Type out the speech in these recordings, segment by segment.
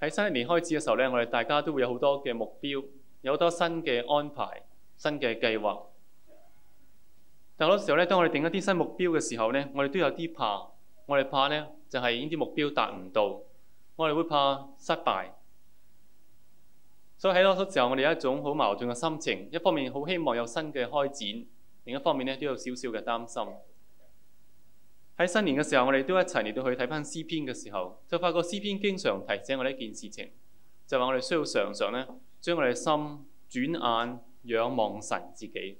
喺新一年開始嘅時候咧，我哋大家都會有好多嘅目標，有好多新嘅安排、新嘅計劃。但好多時候咧，當我哋定一啲新目標嘅時候咧，我哋都有啲怕，我哋怕咧就係呢啲目標達唔到，我哋會怕失敗。所以喺多時候，我哋有一種好矛盾嘅心情，一方面好希望有新嘅開展，另一方面咧都有少少嘅擔心。喺新年嘅時候，我哋都一齊嚟到去睇返詩篇嘅時候，就發覺詩篇經常提醒我哋一件事情，就話我哋需要常常呢將我哋嘅心轉眼仰望神自己。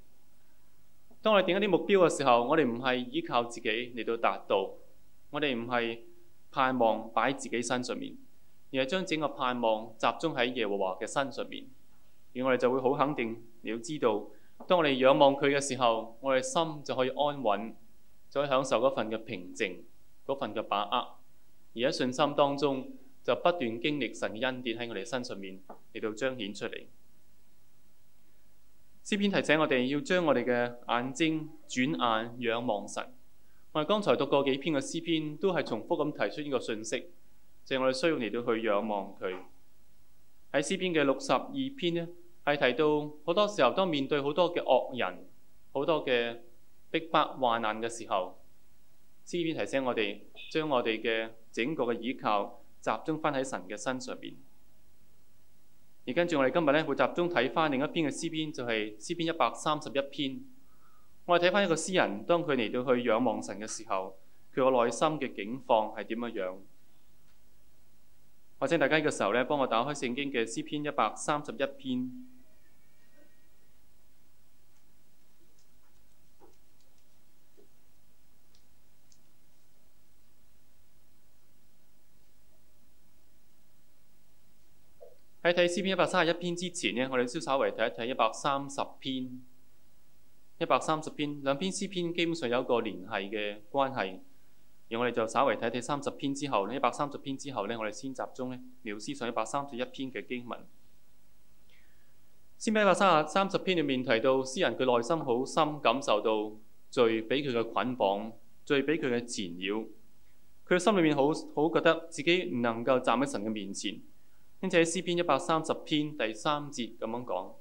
當我哋定一啲目標嘅時候，我哋唔係依靠自己嚟到達到，我哋唔係盼望擺喺自己身上面，而係將整個盼望集中喺耶和華嘅身上面，而我哋就會好肯定你要知道，當我哋仰望佢嘅時候，我哋心就可以安穩。就可以享受嗰份嘅平靜，嗰份嘅把握，而喺信心當中就不斷經歷神嘅恩典喺我哋身上面，嚟到彰顯出嚟。詩篇提醒我哋要將我哋嘅眼睛轉眼仰望神。我哋剛才讀過幾篇嘅詩篇，都係重複咁提出呢個信息，就係、是、我哋需要嚟到去仰望佢。喺詩篇嘅六十二篇呢，係提到好多時候都面對好多嘅惡人，好多嘅。逼迫患難嘅時候，詩篇提醒我哋將我哋嘅整個嘅倚靠集中翻喺神嘅身上邊。而跟住我哋今日呢會集中睇翻另一篇嘅詩篇，就係詩篇一百三十一篇。我哋睇翻一個詩人，當佢嚟到去仰望神嘅時候，佢個內心嘅境況係點樣樣？我請大家呢個時候呢，幫我打開聖經嘅詩篇一百三十一篇。睇睇詩篇一百三十一篇之前呢，我哋先稍微睇一睇一百三十篇。一百三十篇兩篇詩篇基本上有個聯繫嘅關係，而我哋就稍微睇睇三十篇之後呢，一百三十篇之後呢，我哋先集中呢描寫上一百三十一篇嘅經文。先喺一百三啊三十篇裏面提到，詩人佢內心好深感受到罪俾佢嘅捆綁，罪俾佢嘅纏繞，佢嘅心裏面好好覺得自己唔能夠站喺神嘅面前。因此 c 篇一百三十篇第三節咁樣講，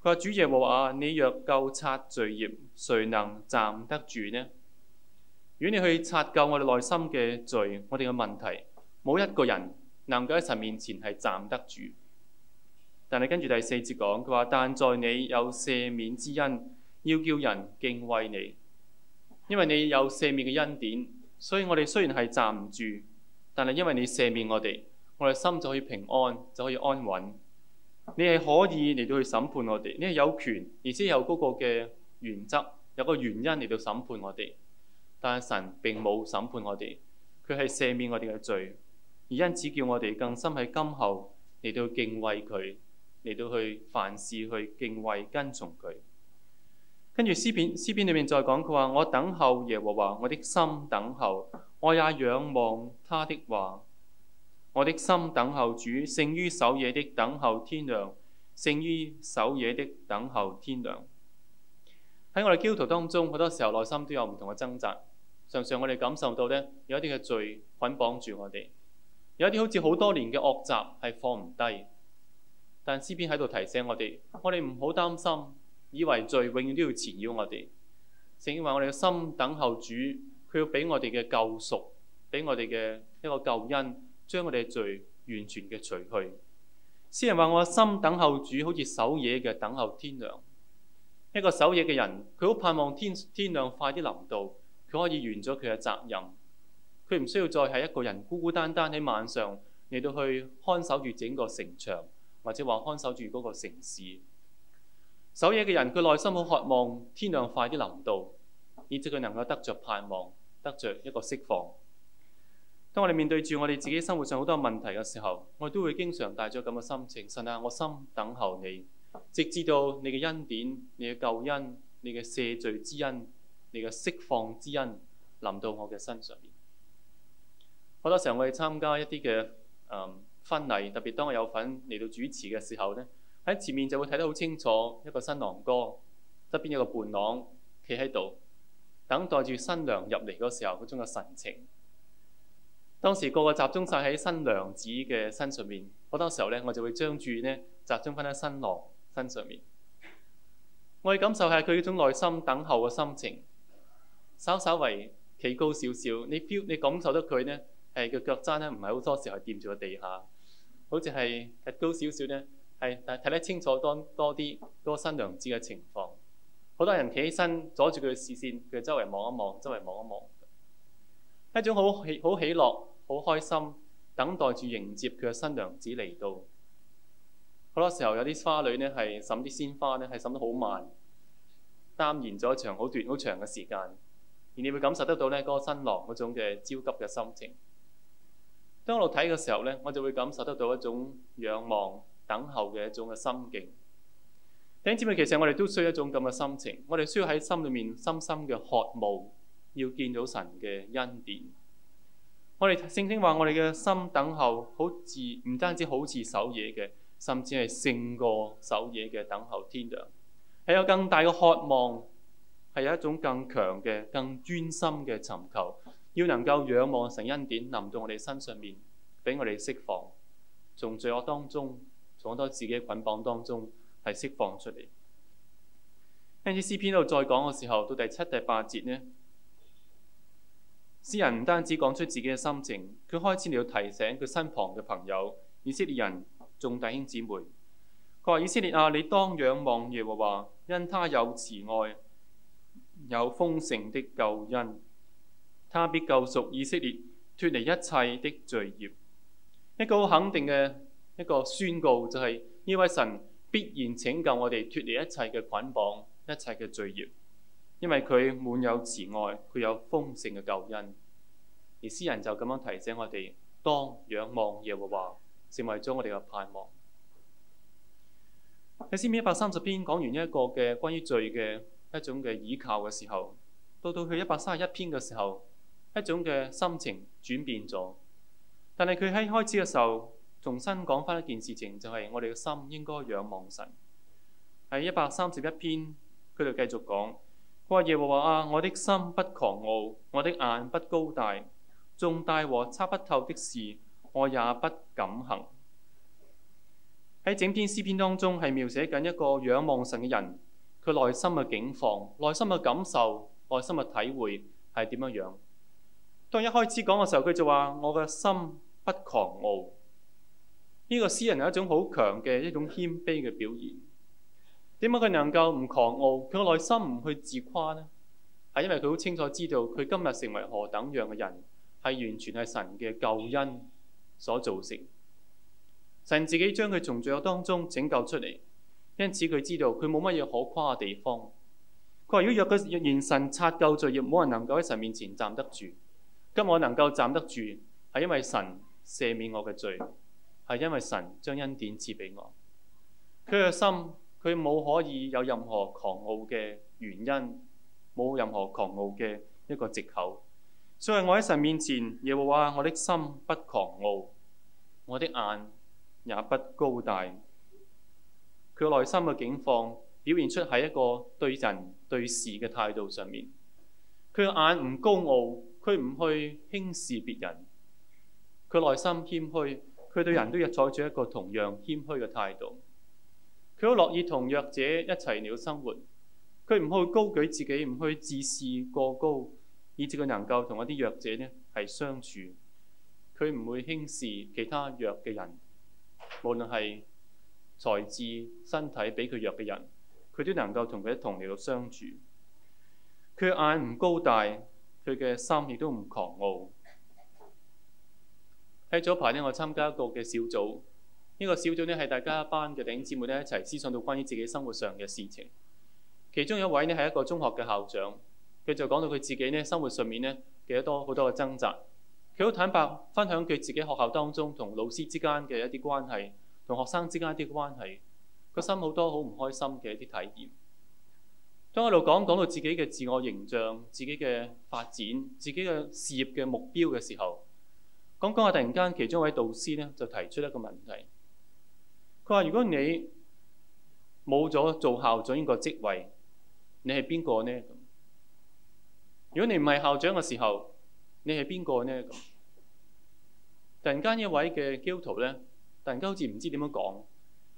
佢話，主耶和華，你若夠察罪孽，誰能站得住呢？如果你去察救我哋內心嘅罪，我哋嘅問題，冇一個人能夠喺神面前係站得住。但係跟住第四節講，佢話，但在你有赦免之恩，要叫人敬畏你，因為你有赦免嘅恩典，所以我哋雖然係站唔住，但係因為你赦免我哋。我哋心就可以平安，就可以安穩。你係可以嚟到去審判我哋，你係有權，而且有嗰個嘅原則，有個原因嚟到審判我哋。但係神並冇審判我哋，佢係赦免我哋嘅罪，而因此叫我哋更深喺今後嚟到敬畏佢，嚟到去凡事去敬畏跟從佢。跟住詩篇詩篇裏面再講，佢話：我等候耶和華，我的心等候，我也仰望他的話。我的心等候主，勝於守夜的等候天亮，勝於守夜的等候天亮。喺我哋基督徒當中，好多時候內心都有唔同嘅掙扎，常常我哋感受到呢，有一啲嘅罪捆綁住我哋，有一啲好似好多年嘅惡習係放唔低。但詩篇喺度提醒我哋，我哋唔好擔心，以為罪永遠都要纏繞我哋。正因為我哋嘅心等候主，佢要俾我哋嘅救贖，俾我哋嘅一個救恩。將我哋嘅罪完全嘅除去。詩人話：我心等候主，好似守夜嘅等候天亮。一個守夜嘅人，佢好盼望天天亮快啲臨到，佢可以完咗佢嘅責任。佢唔需要再係一個人孤孤單單喺晚上嚟到去看守住整個城牆，或者話看守住嗰個城市。守夜嘅人，佢內心好渴望天亮快啲臨到，以至佢能夠得着盼望，得着一個釋放。當我哋面對住我哋自己生活上好多問題嘅時候，我都會經常帶著咁嘅心情。神下我心等候你，直至到你嘅恩典、你嘅救恩、你嘅赦罪之恩、你嘅釋放之恩臨到我嘅身上面。好多時候我哋參加一啲嘅誒婚禮，特別當我有份嚟到主持嘅時候呢，喺前面就會睇得好清楚一個新郎哥側邊有個伴郎企喺度，等待住新娘入嚟嗰時候嗰種嘅神情。當時個個集中晒喺新娘子嘅身上面，好多時候咧，我就會將注意力集中翻喺新郎身上面。我會感受一下佢呢種內心等候嘅心情，稍稍為企高少少，你 feel 你感受得佢呢，係個腳踭咧，唔係好多時候係掂住個地下，好似係高少少呢，係睇得清楚多多啲個新娘子嘅情況。好多人企起身阻住佢嘅視線，佢周圍望一望，周圍望一望，一種好喜好喜樂。好開心，等待住迎接佢嘅新娘子嚟到。好多時候有啲花女呢，係嬸啲鮮花呢，係嬸得好慢，耽延咗一場好短、好長嘅時間。而你會感受得到呢，嗰個新郎嗰種嘅焦急嘅心情。當我睇嘅時候呢，我就會感受得到一種仰望、等候嘅一種嘅心境。弟兄姊妹，其實我哋都需要一種咁嘅心情，我哋需要喺心裏面深深嘅渴慕，要見到神嘅恩典。我哋聖經話：我哋嘅心等候，好似唔單止好似守夜嘅，甚至係勝過守夜嘅等候天亮，係有更大嘅渴望，係有一種更強嘅、更專心嘅尋求，要能夠仰望神恩典臨到我哋身上面，俾我哋釋放，從罪惡當中，從好多自己捆綁當中，係釋放出嚟。跟住詩篇度再講嘅時候，到第七、第八節呢。詩人唔單止講出自己嘅心情，佢開始了提醒佢身旁嘅朋友、以色列人、眾弟兄姊妹。佢話：以色列啊，你當仰望耶和華，因他有慈愛，有豐盛的救恩，他必救贖以色列，脫離一切的罪孽。一個好肯定嘅一個宣告就係呢位神必然拯救我哋脫離一切嘅捆綁、一切嘅罪孽。因為佢滿有慈愛，佢有豐盛嘅救恩，而詩人就咁樣提醒我哋：當仰望耶和華，成為咗我哋嘅盼望。喺詩篇一百三十篇講完一個嘅關於罪嘅一種嘅倚靠嘅時候，到到去一百三十一篇嘅時候，一種嘅心情轉變咗。但係佢喺開始嘅時候，重新講返一件事情，就係、是、我哋嘅心應該仰望神。喺一百三十一篇，佢就繼續講。話耶和華啊，我的心不狂傲，我的眼不高大，重大和測不透的事，我也不敢行。喺整篇詩篇當中，係描寫緊一個仰望神嘅人，佢內心嘅景況、內心嘅感受、內心嘅體會係點樣樣。當一開始講嘅時候，佢就話我嘅心不狂傲，呢、這個詩人有一種好強嘅一種謙卑嘅表現。點解佢能夠唔狂傲？佢個內心唔去自誇呢？係因為佢好清楚知道佢今日成為何等樣嘅人，係完全係神嘅救恩所造成。神自己將佢從罪惡當中拯救出嚟，因此佢知道佢冇乜嘢可誇嘅地方。佢話如果若佢言神究察罪孽，亦冇人能夠喺神面前站得住。咁我能夠站得住，係因為神赦免我嘅罪，係因為神將恩典賜俾我。佢嘅心。佢冇可以有任何狂傲嘅原因，冇任何狂傲嘅一個借口。所以，我喺神面前，耶和華，我的心不狂傲，我的眼也不高大。佢內心嘅境況表現出喺一個對人對事嘅態度上面。佢嘅眼唔高傲，佢唔去輕視別人。佢內心謙虛，佢對人都要採取一個同樣謙虛嘅態度。佢好樂意同弱者一齊嚟生活，佢唔去高舉自己，唔去自視過高，以至佢能夠同一啲弱者呢係相處。佢唔會輕視其他弱嘅人，無論係才智、身體比佢弱嘅人，佢都能夠同佢一同嚟到相處。佢眼唔高大，佢嘅心亦都唔狂傲。喺早排呢，我參加一個嘅小組。呢、這個小組呢，係大家一班嘅弟兄姊妹咧一齊思想到關於自己生活上嘅事情。其中有一位呢，係一個中學嘅校長，佢就講到佢自己呢生活上面呢，幾多好多嘅掙扎。佢好坦白分享佢自己的學校當中同老師之間嘅一啲關係，同學生之間的一啲關係，個心好多好唔開心嘅一啲體驗。當我一路講講到自己嘅自我形象、自己嘅發展、自己嘅事業嘅目標嘅時候，講講下突然間其中一位導師呢，就提出一個問題。佢話：如果你冇咗做校長呢個職位，你係邊個呢？如果你唔係校長嘅時候，你係邊個呢？突然間呢一位嘅基督徒咧，突然間好似唔知點樣講，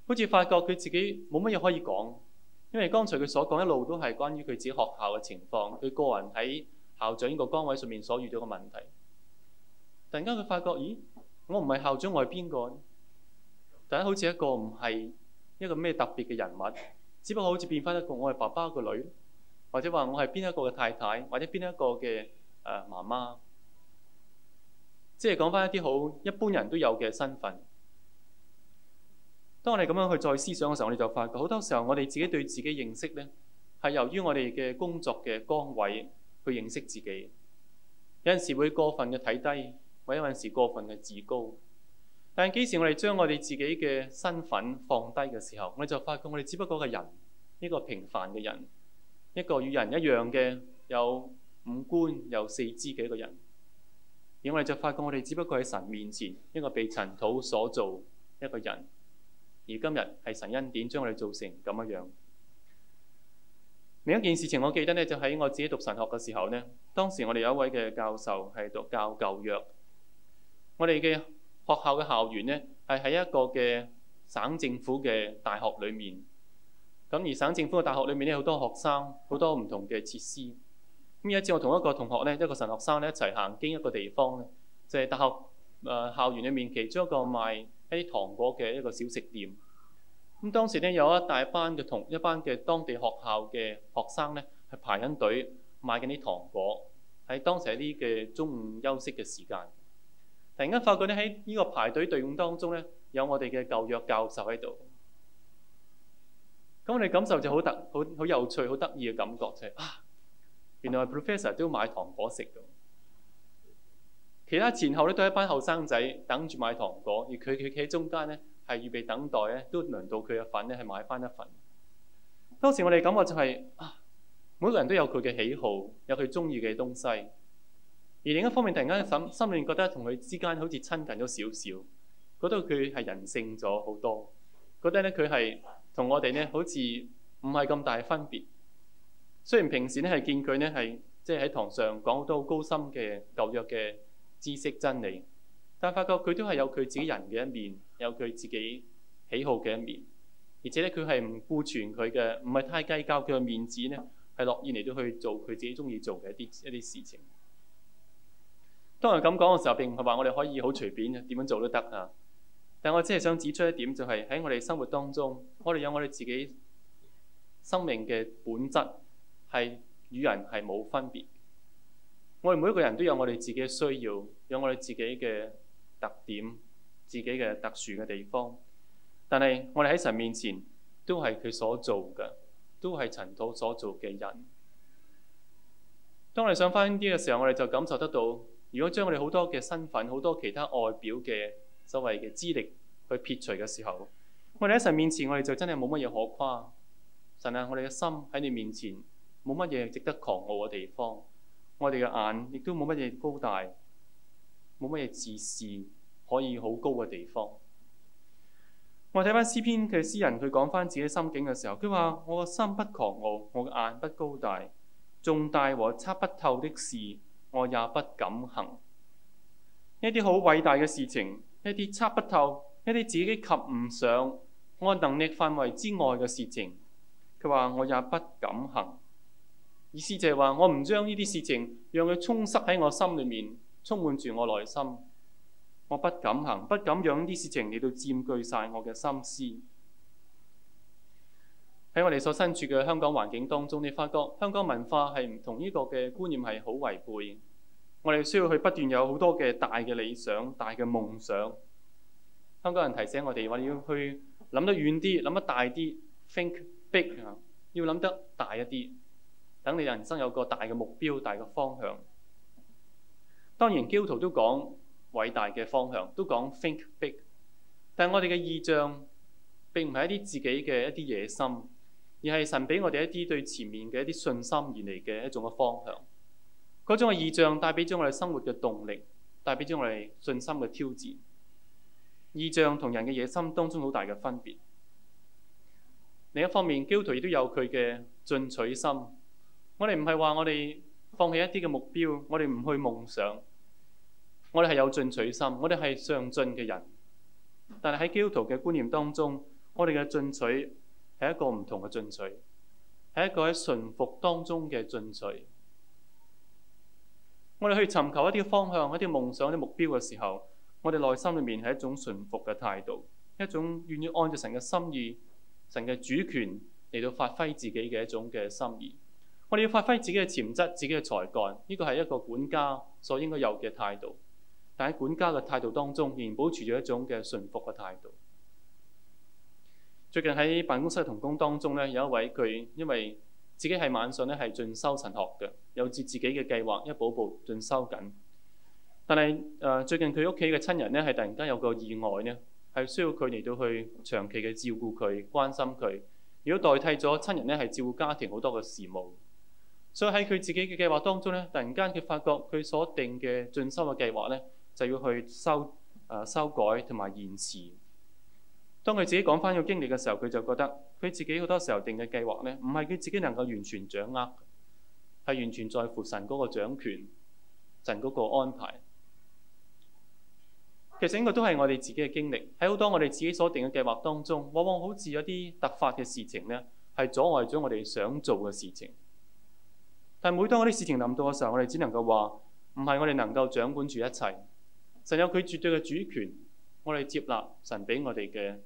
好似發覺佢自己冇乜嘢可以講，因為剛才佢所講一路都係關於佢自己學校嘅情況，佢個人喺校長呢個崗位上面所遇到嘅問題。突然間佢發覺，咦，我唔係校長，我係邊個？但一好似一個唔係一個咩特別嘅人物，只不過好似變翻一個我係爸爸個女，或者話我係邊一個嘅太太，或者邊一個嘅誒媽媽，即係講翻一啲好一般人都有嘅身份。當我哋咁樣去再思想嘅時候，我哋就發覺好多時候我哋自己對自己認識呢，係由於我哋嘅工作嘅崗位去認識自己，有陣時候會過分嘅睇低，或者有陣時候過分嘅自高。但幾時我哋將我哋自己嘅身份放低嘅時候，我哋就發覺我哋只不過係人，一個平凡嘅人，一個與人一樣嘅有五官有四肢嘅一個人。而我哋就發覺我哋只不過係神面前一個被塵土所造一個人，而今日係神恩典將我哋做成咁樣樣。另一件事情，我記得呢，就喺我自己讀神學嘅時候呢，當時我哋有一位嘅教授係讀教舊約，我哋嘅。學校嘅校園呢，係喺一個嘅省政府嘅大學裏面。咁而省政府嘅大學裏面呢，好多學生，好多唔同嘅設施。咁有一次，我同一個同學呢，一個神學生呢，一齊行經一個地方呢，就係、是、大學誒、呃、校園裏面，其中一個賣一啲糖果嘅一個小食店。咁當時呢，有一大班嘅同一班嘅當地學校嘅學生呢，係排緊隊買緊啲糖果，喺當時喺呢個中午休息嘅時間。突然間發覺咧，喺呢個排隊隊伍當中咧，有我哋嘅舊約教授喺度。咁我哋感受就好特、好好有趣、好得意嘅感覺就係啊，原來 professor 都買糖果食㗎。其他前後咧都係一班後生仔等住買糖果，而佢佢企喺中間咧係預備等待咧，都輪到佢嘅份咧係買翻一份。當時我哋感覺就係啊，每個人都有佢嘅喜好，有佢中意嘅東西。而另一方面，突然間心心裏面覺得同佢之間好似親近咗少少，覺得佢係人性咗好多。覺得咧，佢係同我哋咧好似唔係咁大分別。雖然平時咧係見佢咧係即係喺堂上講好多高深嘅舊約嘅知識真理，但係發覺佢都係有佢自己人嘅一面，有佢自己喜好嘅一面，而且咧佢係唔顧全佢嘅，唔係太計較佢嘅面子咧，係樂意嚟到去做佢自己中意做嘅一啲一啲事情。當我咁講嘅時候，並唔係話我哋可以好隨便嘅，點樣做都得啊。但我只係想指出一點，就係喺我哋生活當中，我哋有我哋自己生命嘅本質，係與人係冇分別。我哋每一個人都有我哋自己嘅需要，有我哋自己嘅特點，自己嘅特殊嘅地方。但係我哋喺神面前都係佢所做嘅，都係塵土所做嘅人。當我哋想返啲嘅時候，我哋就感受得到。如果將我哋好多嘅身份、好多其他外表嘅所謂嘅資歷去撇除嘅時候，我哋喺神面前，我哋就真係冇乜嘢可誇。神啊，我哋嘅心喺你面前冇乜嘢值得狂傲嘅地方，我哋嘅眼亦都冇乜嘢高大，冇乜嘢自視可以好高嘅地方。我睇翻詩篇佢詩人，佢講翻自己心境嘅時候，佢話：我嘅心不狂傲，我嘅眼不高大，重大和測不透的事。我也不敢行。一啲好偉大嘅事情，一啲測不透，一啲自己及唔上我能力範圍之外嘅事情，佢話我也不敢行。意思就係話我唔將呢啲事情讓佢充塞喺我心裏面，充滿住我內心，我不敢行，不敢讓呢啲事情嚟到佔據晒我嘅心思。喺我哋所身處嘅香港環境當中，你發覺香港文化係唔同，呢個嘅觀念係好違背。我哋需要去不斷有好多嘅大嘅理想、大嘅夢想。香港人提醒我哋話：我哋要去諗得遠啲、諗得大啲，think big，要諗得大一啲，等你人生有個大嘅目標、大嘅方向。當然，基督徒都講偉大嘅方向，都講 think big，但係我哋嘅意象並唔係一啲自己嘅一啲野心。而係神俾我哋一啲對前面嘅一啲信心而嚟嘅一種嘅方向，嗰種嘅異象帶俾咗我哋生活嘅動力，帶俾咗我哋信心嘅挑戰。異象同人嘅野心當中好大嘅分別。另一方面，基督徒亦都有佢嘅進取心。我哋唔係話我哋放棄一啲嘅目標，我哋唔去夢想，我哋係有進取心，我哋係上進嘅人。但係喺基督徒嘅觀念當中，我哋嘅進取，係一個唔同嘅進取，係一個喺順服當中嘅進取。我哋去尋求一啲方向，一啲夢想，一啲目標嘅時候，我哋內心裏面係一種順服嘅態度，一種願意按照神嘅心意，神嘅主權嚟到發揮自己嘅一種嘅心意。我哋要發揮自己嘅潛質，自己嘅才幹，呢個係一個管家所應該有嘅態度。但喺管家嘅態度當中，仍然保持住一種嘅順服嘅態度。最近喺辦公室嘅同工當中咧，有一位佢因為自己係晚上咧係進修神學嘅，有自自己嘅計劃一步步進修緊。但係誒最近佢屋企嘅親人咧係突然間有個意外呢，係需要佢嚟到去長期嘅照顧佢、關心佢，如果代替咗親人咧係照顧家庭好多嘅事務，所以喺佢自己嘅計劃當中咧，突然間佢發覺佢所定嘅進修嘅計劃咧就要去修誒、呃、修改同埋延遲。當佢自己講返個經歷嘅時候，佢就覺得佢自己好多時候定嘅計劃呢，唔係佢自己能夠完全掌握，係完全在乎神嗰個掌權、神嗰個安排。其實呢個都係我哋自己嘅經歷。喺好多我哋自己所定嘅計劃當中，往往好似有啲突發嘅事情呢，係阻礙咗我哋想做嘅事情。但每當我啲事情臨到嘅時候，我哋只能夠話唔係我哋能夠掌管住一切，神有佢絕對嘅主權，我哋接納神俾我哋嘅。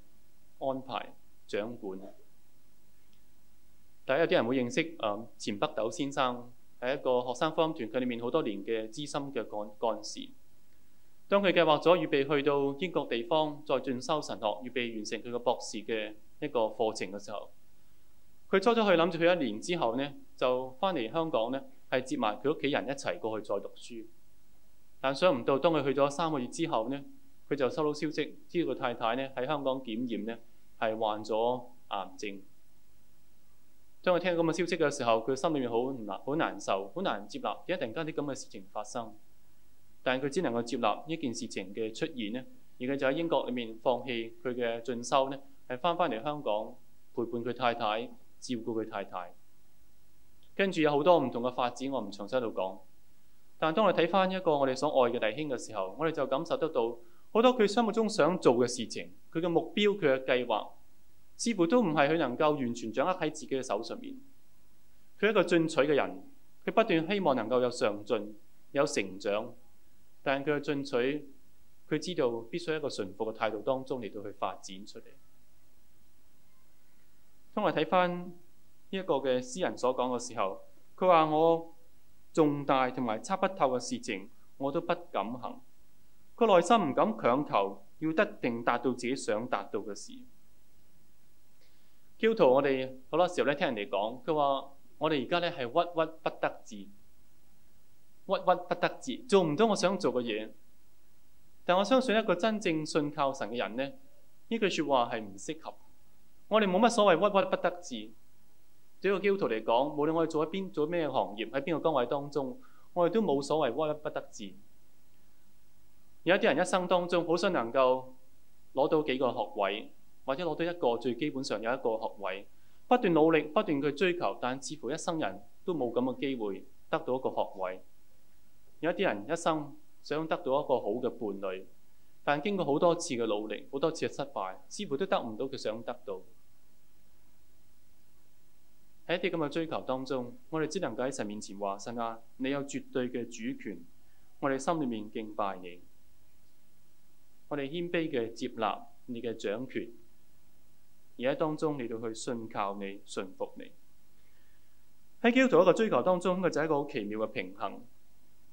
安排掌管，大家有啲人會認識誒、嗯、錢北斗先生，係一個學生方團佢裏面好多年嘅資深嘅幹幹事。當佢計劃咗預備去到英國地方再進修神學，預備完成佢個博士嘅一個課程嘅時候，佢初初去諗住去一年之後呢，就翻嚟香港呢，係接埋佢屋企人一齊過去再讀書。但想唔到，當佢去咗三個月之後呢。佢就收到消息，知道佢太太呢喺香港檢驗呢係患咗癌症。當佢聽到咁嘅消息嘅時候，佢心裏面好難、好難受、好難接納，一陣間啲咁嘅事情發生。但係佢只能夠接納呢件事情嘅出現呢，而佢就喺英國裏面放棄佢嘅進修呢，係翻返嚟香港陪伴佢太太，照顧佢太太。跟住有好多唔同嘅發展，我唔詳細度講。但係當我睇翻一個我哋所愛嘅弟兄嘅時候，我哋就感受得到。好多佢心目中想做嘅事情，佢嘅目標，佢嘅計劃，似乎都唔係佢能夠完全掌握喺自己嘅手上面。佢一個進取嘅人，佢不斷希望能夠有上進，有成長，但係佢嘅進取，佢知道必須一個順服嘅態度當中嚟到去發展出嚟。當我睇翻呢一個嘅詩人所講嘅時候，佢話我重大同埋測不透嘅事情，我都不敢行。個內心唔敢強求，要一定達到自己想達到嘅事。基督徒，我哋好多時候咧聽人哋講，佢話我哋而家咧係鬱鬱不得志，鬱鬱不得志，做唔到我想做嘅嘢。但我相信一個真正信靠神嘅人咧，呢句說話係唔適合。我哋冇乜所謂鬱鬱不得志對不我。對個基督徒嚟講，無論我哋做喺邊做咩行業，喺邊個崗位當中，我哋都冇所謂鬱鬱不得志。有啲人一生當中好想能夠攞到幾個學位，或者攞到一個最基本上有一個學位，不斷努力，不斷去追求，但似乎一生人都冇咁嘅機會得到一個學位。有啲人一生想得到一個好嘅伴侶，但經過好多次嘅努力，好多次嘅失敗，似乎都得唔到佢想得到。喺一啲咁嘅追求當中，我哋只能夠喺神面前話：神啊，你有絕對嘅主權，我哋心裏面敬拜你。我哋謙卑嘅接納你嘅掌權，而喺當中你都去信靠你、順服你，喺基督徒一個追求當中，佢就係、是、一個好奇妙嘅平衡，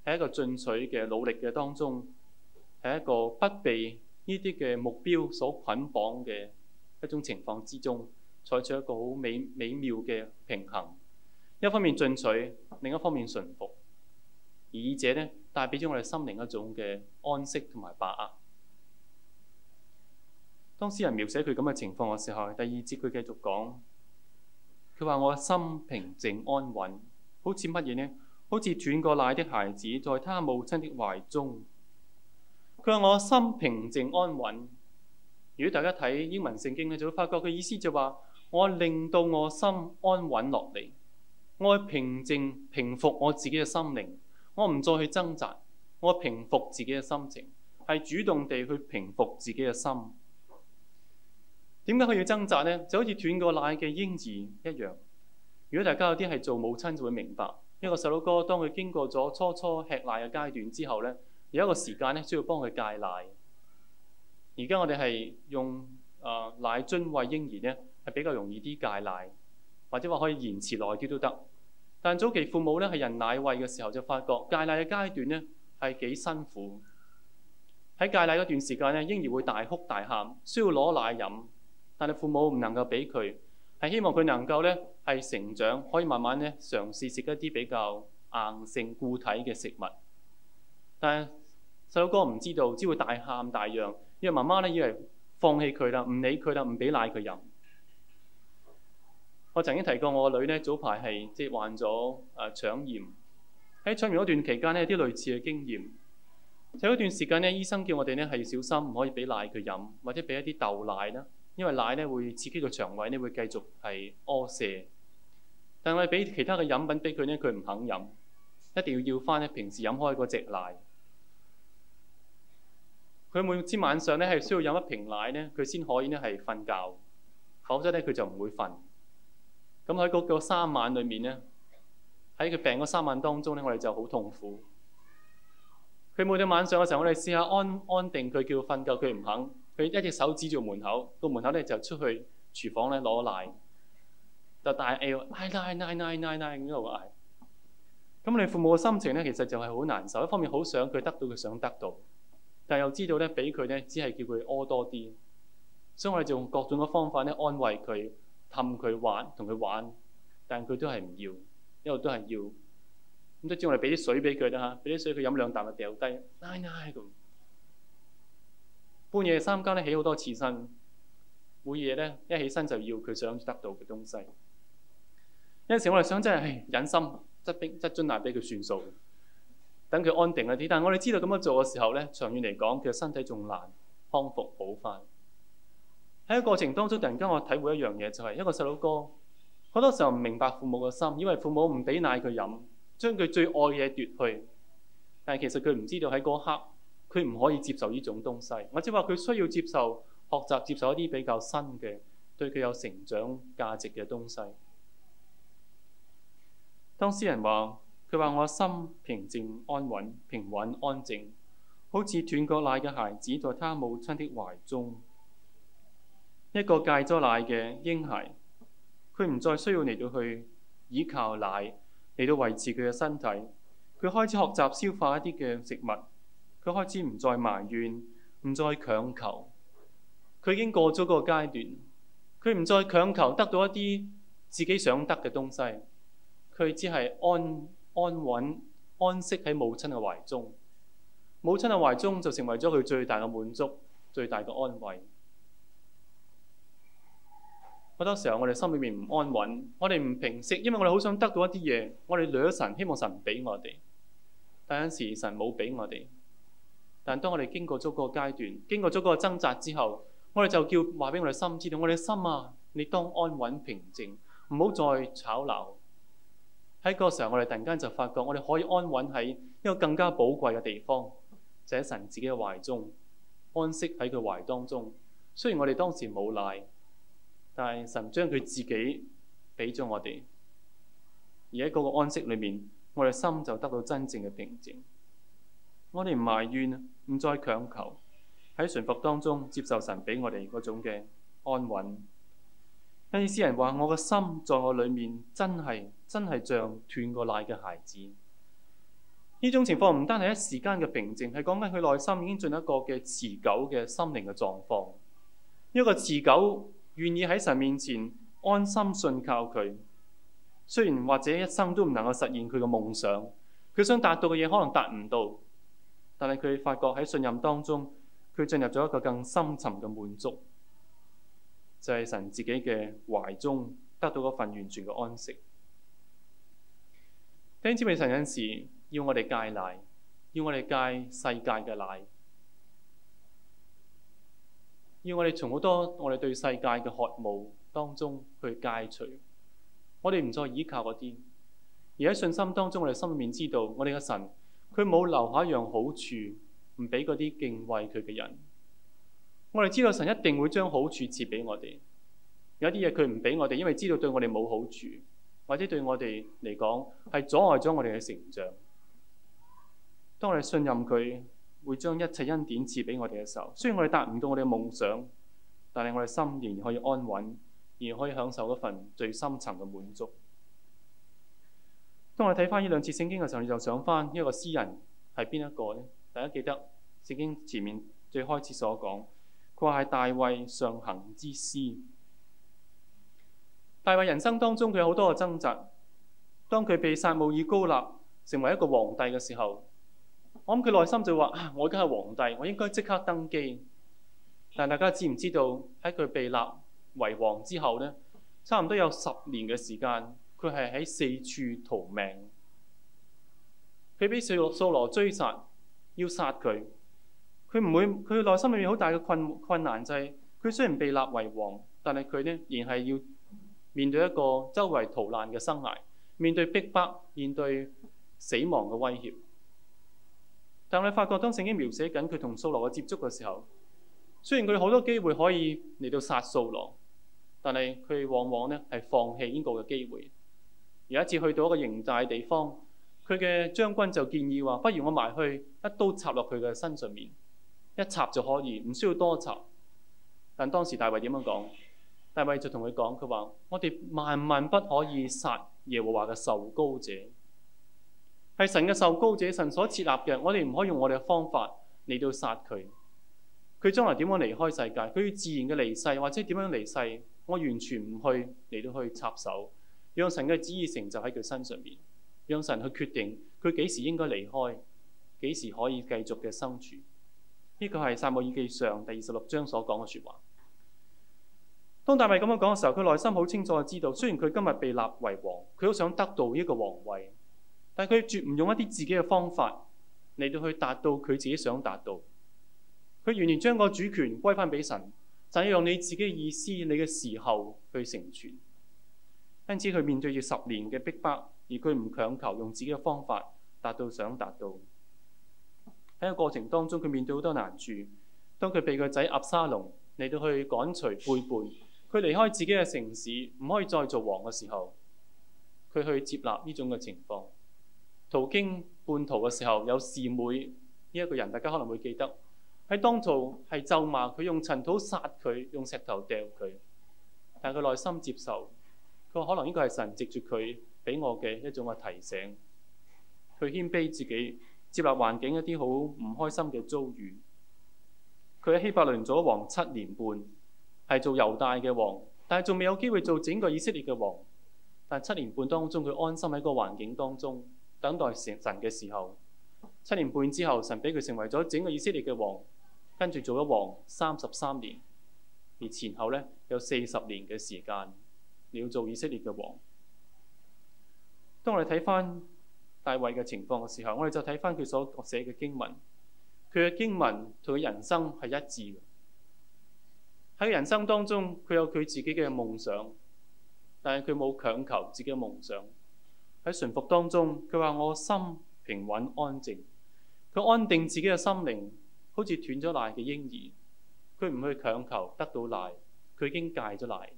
喺一個進取嘅努力嘅當中，喺一個不被呢啲嘅目標所捆綁嘅一種情況之中，採取一個好美美妙嘅平衡。一方面進取，另一方面順服，而者呢，帶俾咗我哋心靈一種嘅安息同埋把握。當詩人描寫佢咁嘅情況嘅時候，第二節佢繼續講，佢話：我心平靜安穩，好似乜嘢呢？好似斷過奶的孩子在他母親的懷中。佢話：我心平靜安穩。如果大家睇英文聖經咧，你就會發覺佢意思就話、是：我令到我心安穩落嚟，我平靜平復我自己嘅心靈，我唔再去掙扎，我平復自己嘅心情，係主動地去平復自己嘅心。點解佢要掙扎呢？就好似斷過奶嘅嬰兒一樣。如果大家有啲係做母親，就會明白一個細路哥當佢經過咗初初吃奶嘅階段之後呢，有一個時間呢，需要幫佢戒奶。而家我哋係用誒奶樽餵嬰兒呢，係比較容易啲戒奶，或者話可以延遲耐啲都得。但早期父母呢，係人奶餵嘅時候，就發覺戒奶嘅階段呢，係幾辛苦。喺戒奶嗰段時間呢，嬰兒會大哭大喊，需要攞奶飲。但係父母唔能夠俾佢，係希望佢能夠呢，係成長，可以慢慢呢，嘗試食一啲比較硬性固體嘅食物。但係細路哥唔知道，只會大喊大嚷。因為媽媽呢，以為放棄佢啦，唔理佢啦，唔俾奶佢飲。我曾經提過，我個女呢，早排係即係患咗誒、呃、腸炎。喺腸炎嗰段期間呢，有啲類似嘅經驗。就嗰、是、段時間呢，醫生叫我哋呢係要小心，唔可以俾奶佢飲，或者俾一啲豆奶啦。因為奶咧會刺激個腸胃咧，會繼續係屙瀉。但係俾其他嘅飲品俾佢呢，佢唔肯飲，一定要要翻呢平時飲開嗰隻奶。佢每天晚上呢係需要飲一瓶奶呢，佢先可以呢係瞓覺，否則呢佢就唔會瞓。咁喺嗰個三晚裏面呢，喺佢病嗰三晚當中呢，我哋就好痛苦。佢每到晚上嘅時候，我哋試下安安定佢叫瞓覺，佢唔肯。佢一隻手指住門口，個門口咧就出去廚房咧攞奶，就大嗌，奶奶奶奶奶奶咁一路嗌。咁、哎哎哎哎哎哎哎哎哎、你父母嘅心情咧，其實就係好難受。一方面好想佢得到佢想得到，但又知道咧俾佢咧，只係叫佢屙多啲。所以我哋就用各種嘅方法咧安慰佢，氹佢玩，同佢玩，但佢都係唔要，一路都係要。咁都係只係俾啲水俾佢得嚇，俾啲水佢飲兩啖就掉低，奶奶咁。哎半夜三更咧起好多次身，每夜咧一起身就要佢想得到嘅東西。有陣時我哋想真係忍心，執兵執樽奶俾佢算數，等佢安定一啲。但係我哋知道咁樣做嘅時候咧，長遠嚟講，佢身體仲難康復好返。喺個過程當中，突然間我體會一樣嘢，就係一個細佬哥，好多時候唔明白父母嘅心，以為父母唔俾奶佢飲，將佢最愛嘅嘢奪去，但係其實佢唔知道喺嗰刻。佢唔可以接受呢種東西，或者話佢需要接受學習，接受一啲比較新嘅對佢有成長價值嘅東西。當詩人話，佢話我心平靜安穩，平穩安靜，好似斷過奶嘅孩子在他母親的懷中，一個戒咗奶嘅嬰孩，佢唔再需要嚟到去倚靠奶嚟到維持佢嘅身體，佢開始學習消化一啲嘅食物。佢開始唔再埋怨，唔再強求。佢已經過咗嗰個階段。佢唔再強求得到一啲自己想得嘅東西。佢只係安安穩安息喺母親嘅懷中。母親嘅懷中就成為咗佢最大嘅滿足，最大嘅安慰。好多時候我不安，我哋心裏面唔安穩，我哋唔平息，因為我哋好想得到一啲嘢，我哋懶神，希望神俾我哋。但是神沒有時神冇俾我哋。但係當我哋經過咗嗰個階段，經過咗嗰個掙扎之後，我哋就叫話俾我哋心知道：我哋心啊，你當安穩平靜，唔好再吵鬧。喺嗰個時候，我哋突然間就發覺，我哋可以安穩喺一個更加寶貴嘅地方，就係神自己嘅懷中，安息喺佢懷當中。雖然我哋當時冇賴，但係神將佢自己俾咗我哋。而喺嗰個安息裏面，我哋心就得到真正嘅平靜。我哋唔埋怨，唔再強求，喺順服當中接受神俾我哋嗰種嘅安穩。跟住詩人話：我個心在我裏面真係真係像斷過奶嘅孩子。呢種情況唔單係一時間嘅平靜，係講緊佢內心已經進一個嘅持久嘅心靈嘅狀況。一個持久願意喺神面前安心信靠佢，雖然或者一生都唔能夠實現佢嘅夢想，佢想達到嘅嘢可能達唔到。但係佢發覺喺信任當中，佢進入咗一個更深沉嘅滿足，就係、是、神自己嘅懷中得到嗰份完全嘅安息。聽知未？神有時要我哋戒奶，要我哋戒世界嘅奶，要我哋從好多我哋對世界嘅渴慕當中去戒除。我哋唔再依靠嗰啲，而喺信心當中，我哋心面知道我哋嘅神。佢冇留下一樣好處，唔俾嗰啲敬畏佢嘅人。我哋知道神一定會將好處賜俾我哋。有啲嘢佢唔俾我哋，因為知道對我哋冇好處，或者對我哋嚟講係阻礙咗我哋嘅成長。當我哋信任佢，會將一切恩典賜俾我哋嘅時候，雖然我哋達唔到我哋嘅夢想，但係我哋心仍然可以安穩，仍然可以享受嗰份最深層嘅滿足。當我睇翻呢兩次聖經嘅時候，你就想翻一個詩人係邊一個呢？大家記得聖經前面最開始所講，佢話係大衛上行之詩。大衛人生當中佢有好多嘅掙扎。當佢被撒母耳膏立成為一個皇帝嘅時候，我諗佢內心就話：啊，我而家係皇帝，我應該即刻登基。但大家知唔知道喺佢被立為王之後呢，差唔多有十年嘅時間。佢係喺四處逃命，佢俾掃掃羅追殺，要殺佢。佢唔會，佢內心裏面好大嘅困困難就係、是、佢雖然被立為王，但係佢呢仍係要面對一個周圍逃難嘅生涯，面對逼迫，面對死亡嘅威脅。但係我哋發覺，當聖經描寫緊佢同掃羅嘅接觸嘅時候，雖然佢好多機會可以嚟到殺掃羅，但係佢往往呢係放棄呢個嘅機會。有一次去到一個營寨地方，佢嘅將軍就建議話：不如我埋去一刀插落佢嘅身上面，一插就可以，唔需要多插。但當時大衛點樣講？大衛就同佢講：佢話，我哋萬萬不可以殺耶和華嘅受膏者，係神嘅受膏者，神所設立嘅，我哋唔可以用我哋嘅方法嚟到殺佢。佢將來點樣離開世界？佢要自然嘅離世或者點樣離世？我完全唔去嚟到去插手。讓神嘅旨意成就喺佢身上面，讓神去決定佢幾時應該離開，幾時可以繼續嘅生存。呢個係撒母耳記上第二十六章所講嘅說話。當大衛咁樣講嘅時候，佢內心好清楚知道，雖然佢今日被立為王，佢都想得到一個皇位，但佢絕唔用一啲自己嘅方法嚟到去達到佢自己想達到。佢完全將個主權歸翻俾神，就用你自己嘅意思、你嘅時候去成全。因此，佢面對住十年嘅逼迫，而佢唔強求用自己嘅方法達到想達到。喺個過程當中，佢面對好多難處。當佢被個仔押沙龍，嚟到去趕除背叛，佢離開自己嘅城市，唔可以再做王嘅時候，佢去接納呢種嘅情況。途經半途嘅時候，有示每，呢一個人，大家可能會記得喺當途係咒罵佢，他用塵土撒佢，用石頭掟佢，但佢內心接受。個可能應該係神藉住佢俾我嘅一種嘅提醒，佢謙卑自己，接納環境一啲好唔開心嘅遭遇。佢喺希伯崙做咗王七年半，係做猶大嘅王，但係仲未有機會做整個以色列嘅王。但七年半當中，佢安心喺個環境當中等待神嘅時候。七年半之後，神俾佢成為咗整個以色列嘅王，跟住做咗王三十三年，而前後呢，有四十年嘅時間。要做以色列嘅王。當我哋睇返大衛嘅情況嘅時候，我哋就睇返佢所寫嘅經文。佢嘅經文同佢人生係一致嘅。喺人生當中，佢有佢自己嘅夢想，但係佢冇強求自己嘅夢想。喺順服當中，佢話：我心平穩安靜。佢安定自己嘅心靈，好似斷咗奶嘅嬰兒。佢唔去強求得到奶，佢已經戒咗奶。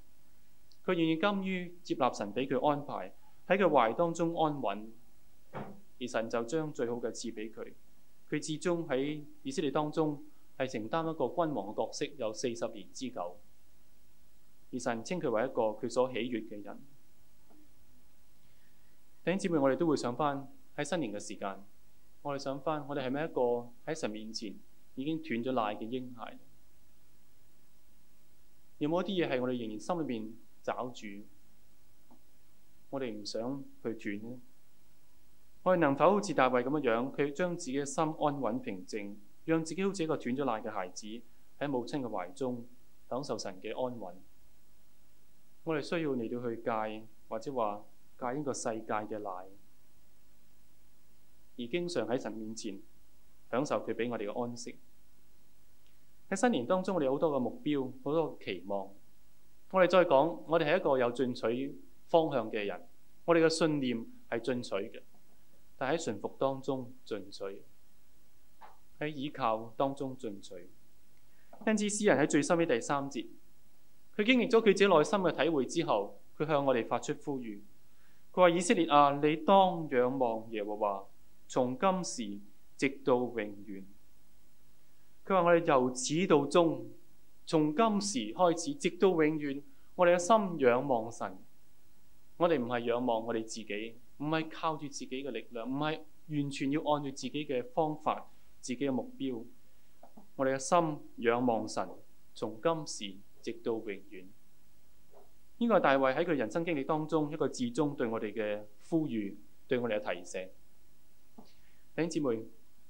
佢願意甘於接納神俾佢安排，喺佢懷當中安穩，而神就將最好嘅賜俾佢。佢始終喺以色列當中係承擔一個君王嘅角色，有四十年之久。而神稱佢為一個佢所喜悅嘅人。弟兄姊妹，我哋都會想翻喺新年嘅時間，我哋想翻我哋係咪一個喺神面前已經斷咗奶嘅嬰孩？有冇一啲嘢係我哋仍然心裏面？抓住，我哋唔想去斷。我哋能否好似大衛咁樣樣，佢將自己嘅心安穩平靜，讓自己好似一個斷咗奶嘅孩子喺母親嘅懷中，享受神嘅安穩？我哋需要你哋去戒，或者話戒呢個世界嘅奶，而經常喺神面前享受佢俾我哋嘅安息。喺新年當中，我哋好多嘅目標，好多嘅期望。我哋再講，我哋係一個有進取方向嘅人，我哋嘅信念係進取嘅，但喺順服當中進取，喺倚靠當中進取。因此詩人喺最深嘅第三節，佢經歷咗佢自己內心嘅體會之後，佢向我哋發出呼籲。佢話以色列啊，你當仰望耶和華，從今時直到永遠。佢話我哋由始到終。從今時開始，直到永遠，我哋嘅心仰望神。我哋唔係仰望我哋自己，唔係靠住自己嘅力量，唔係完全要按照自己嘅方法、自己嘅目標。我哋嘅心仰望神，從今時直到永遠。呢、這個係大衛喺佢人生經歷當中一個至終對我哋嘅呼籲，對我哋嘅提醒。弟兄姊妹，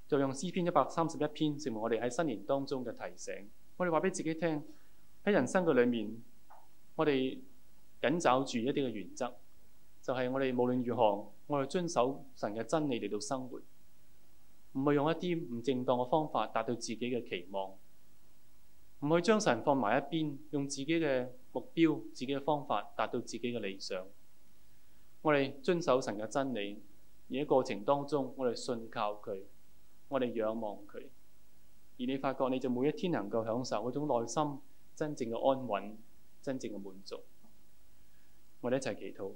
就用詩篇一百三十一篇，成為我哋喺新年當中嘅提醒。我哋話俾自己聽，喺人生嘅裏面，我哋緊抓住一啲嘅原則，就係我哋無論如何，我哋遵守神嘅真理嚟到生活，唔係用一啲唔正當嘅方法達到自己嘅期望，唔去將神放埋一邊，用自己嘅目標、自己嘅方法達到自己嘅理想。我哋遵守神嘅真理，而喺過程當中，我哋信靠佢，我哋仰望佢。而你發覺，你就每一天能夠享受嗰種內心真正嘅安穩、真正嘅滿足。我哋一齊祈禱。